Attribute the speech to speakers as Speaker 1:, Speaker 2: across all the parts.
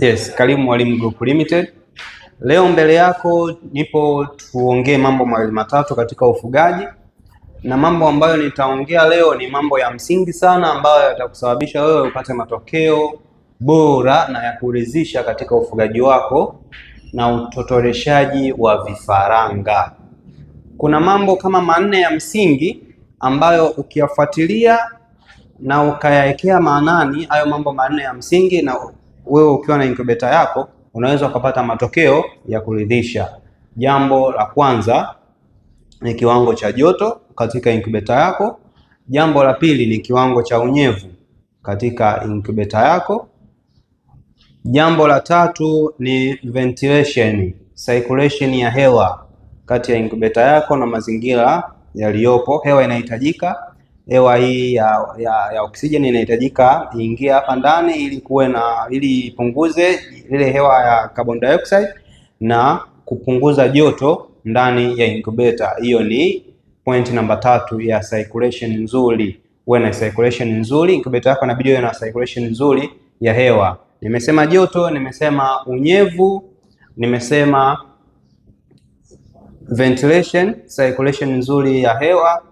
Speaker 1: Yes, karibu Mwalimu Group Limited. Leo mbele yako nipo tuongee mambo mawili matatu katika ufugaji, na mambo ambayo nitaongea leo ni mambo ya msingi sana ambayo yatakusababisha wewe upate matokeo bora na ya kuridhisha katika ufugaji wako na utotoreshaji wa vifaranga. Kuna mambo kama manne ya msingi ambayo ukiyafuatilia na ukayaekea maanani hayo mambo manne ya msingi na wewe ukiwa na incubator yako unaweza ukapata matokeo ya kuridhisha. Jambo la kwanza ni kiwango cha joto katika incubator yako. Jambo la pili ni kiwango cha unyevu katika incubator yako. Jambo la tatu ni ventilation, circulation ya hewa kati ya incubator yako na mazingira yaliyopo. Hewa inahitajika hewa hii ya, ya, ya oksijeni inahitajika iingie hapa ndani ili kuwe na ili ipunguze ile hewa ya carbon dioxide na kupunguza joto ndani ya incubator. Hiyo ni point namba tatu ya circulation nzuri. Uwe na circulation nzuri, incubator yako inabidi iwe na circulation nzuri ya hewa. Nimesema joto, nimesema unyevu, nimesema ventilation, circulation nzuri ya hewa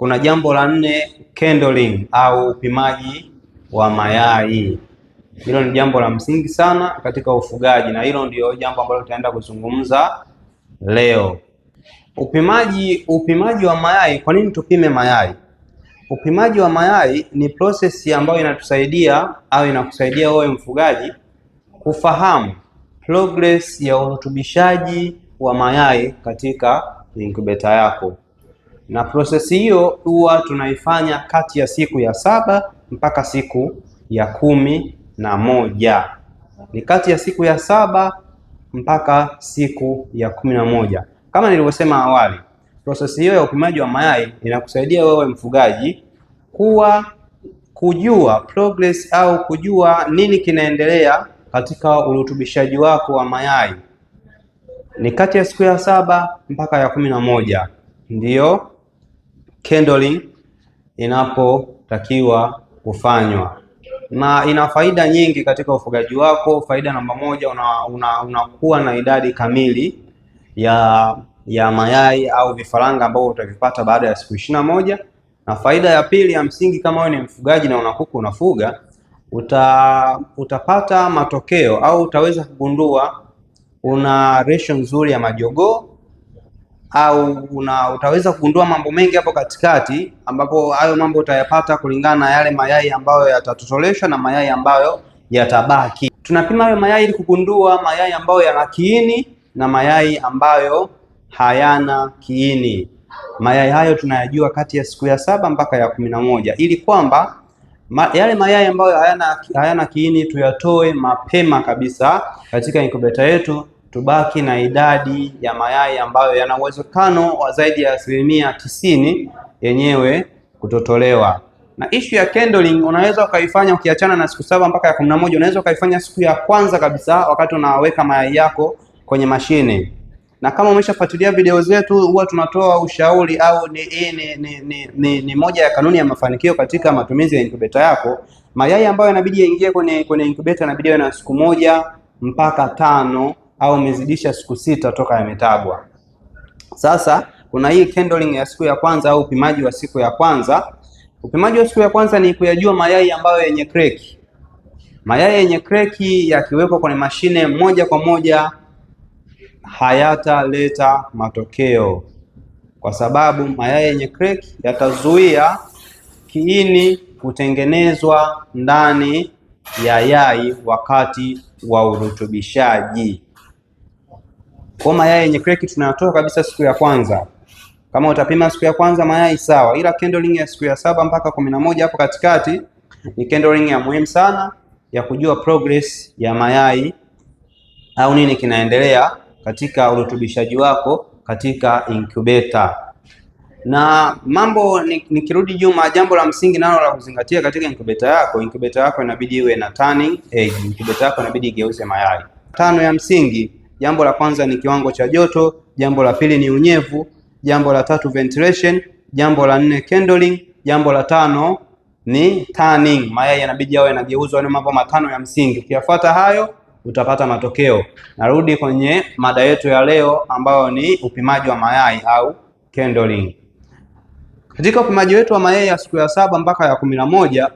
Speaker 1: kuna jambo la nne, candling au upimaji wa mayai. Hilo ni jambo la msingi sana katika ufugaji, na hilo ndio jambo ambalo tutaenda kuzungumza leo. Upimaji upimaji wa mayai. Kwa nini tupime mayai? Upimaji wa mayai ni prosesi ambayo inatusaidia au inakusaidia wewe mfugaji kufahamu progress ya urutubishaji wa mayai katika incubator yako na prosesi hiyo huwa tunaifanya kati ya siku ya saba mpaka siku ya kumi na moja ni kati ya siku ya saba mpaka siku ya kumi na moja. Kama nilivyosema awali, prosesi hiyo ya upimaji wa mayai inakusaidia wewe mfugaji kuwa kujua progress au kujua nini kinaendelea katika urutubishaji wako wa mayai. Ni kati ya siku ya saba mpaka ya kumi na moja ndiyo candling inapotakiwa kufanywa, na ina faida nyingi katika ufugaji wako. Faida namba moja, unakuwa una, una na idadi kamili ya ya mayai au vifaranga ambao utavipata baada ya siku ishirini na moja na faida ya pili ya msingi, kama wewe ni mfugaji na una kuku unafuga, uta, utapata matokeo au utaweza kugundua una ratio nzuri ya majogoo au una utaweza kugundua mambo mengi hapo katikati, ambapo hayo mambo utayapata kulingana na yale mayai ambayo yatatotoleshwa na mayai ambayo yatabaki. Tunapima hayo mayai ili kugundua mayai ambayo yana kiini na mayai ambayo hayana kiini. Mayai hayo tunayajua kati ya siku ya saba mpaka ya kumi na moja ili kwamba ma, yale mayai ambayo hayana hayana kiini tuyatoe mapema kabisa katika inkubeta yetu tubaki na idadi ya mayai ambayo yana uwezekano wa zaidi ya asilimia tisini yenyewe kutotolewa. Na ishu ya candling unaweza ukaifanya ukiachana na siku saba mpaka ya kumi na moja unaweza ukaifanya siku ya kwanza kabisa wakati unaweka mayai yako kwenye mashine. Na kama umeshafuatilia video zetu, huwa tunatoa ushauri au ni, ni, ni, ni, ni, ni moja ya kanuni ya mafanikio katika matumizi ya incubator yako. Mayai ambayo yanabidi yaingie kwenye kwenye incubator yanabidi yawe na siku moja mpaka tano au umezidisha siku sita toka yametabwa. Sasa kuna hii candling ya siku ya kwanza au upimaji wa siku ya kwanza. Upimaji wa siku ya kwanza ni kuyajua mayai ambayo yenye kreki. Mayai yenye kreki yakiwekwa kwenye mashine moja kwa moja hayataleta matokeo, kwa sababu mayai yenye kreki yatazuia kiini kutengenezwa ndani ya yai wakati wa urutubishaji. Kwa mayai yenye crack tunayatoa kabisa siku ya kwanza. Kama utapima siku ya kwanza mayai sawa, ila candling ya siku ya saba mpaka kumi na moja hapo katikati ni candling ya muhimu sana ya kujua progress ya mayai au nini kinaendelea katika urutubishaji wako katika incubator. Na mambo nikirudi ni juma, jambo la msingi nalo la kuzingatia katika incubator yako, incubator yako inabidi iwe na turning egg, incubator yako inabidi igeuze mayai. Tano ya msingi Jambo la kwanza ni kiwango cha joto, jambo la pili ni unyevu, jambo la tatu ventilation, jambo la nne candling, jambo la tano ni turning. Mayai yanabidi yawe yanageuzwa. Ni mambo matano ya msingi, ukiyafuata hayo utapata matokeo. Narudi kwenye mada yetu ya leo ambayo ni upimaji wa mayai au candling. Katika upimaji wetu wa mayai ya siku ya saba mpaka ya kumi na moja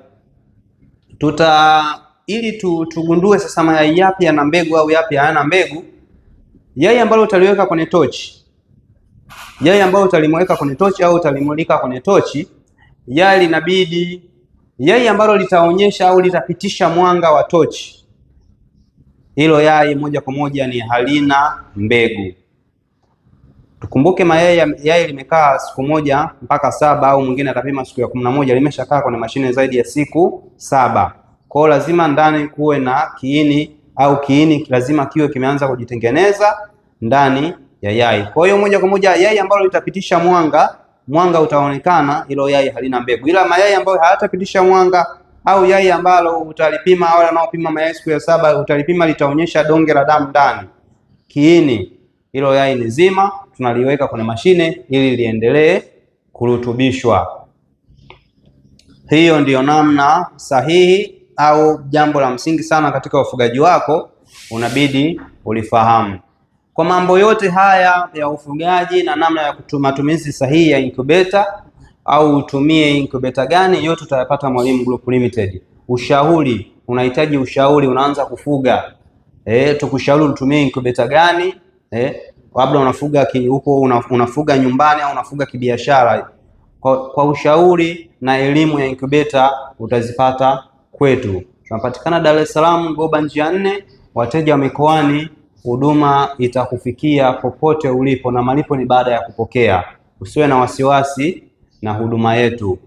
Speaker 1: tuta ili tugundue sasa mayai yapi yana mbegu au yapi hayana mbegu yai ambalo utaliweka kwenye tochi, yai ambalo utalimweka kwenye tochi au utalimulika kwenye tochi, yai linabidi, yai ambalo litaonyesha au litapitisha mwanga wa tochi, hilo yai moja kwa moja ni halina mbegu. Tukumbuke mayai, yai limekaa siku moja mpaka saba au mwingine atapima siku ya kumi na moja limeshakaa kwenye mashine zaidi ya siku saba. Kwa hiyo lazima ndani kuwe na kiini au kiini lazima kiwe kimeanza kujitengeneza ndani ya yai. Kwa hiyo moja kwa moja yai ambalo litapitisha mwanga, mwanga utaonekana, hilo yai halina mbegu, ila mayai ambayo hayatapitisha mwanga au yai ambalo utalipima, wale wanaopima mayai siku ya saba utalipima, litaonyesha donge la damu ndani. Kiini hilo yai ni zima, tunaliweka kwenye mashine ili liendelee kurutubishwa. Hiyo ndiyo namna sahihi au jambo la msingi sana katika ufugaji wako unabidi ulifahamu. Kwa mambo yote haya ya ufugaji na namna ya matumizi sahihi ya incubator au utumie incubator gani, yote utayapata Mwalimu Group Limited. Ushauri, unahitaji ushauri, unaanza kufuga e, tukushauri utumie incubator gani e, labda unafuga huko unafuga nyumbani au unafuga kibiashara. Kwa, kwa ushauri na elimu ya incubator utazipata kwetu. Tunapatikana Dar es Salaam, Goba njia nne. Wateja wa mikoani, huduma itakufikia popote ulipo na malipo ni baada ya kupokea. Usiwe na wasiwasi na huduma yetu.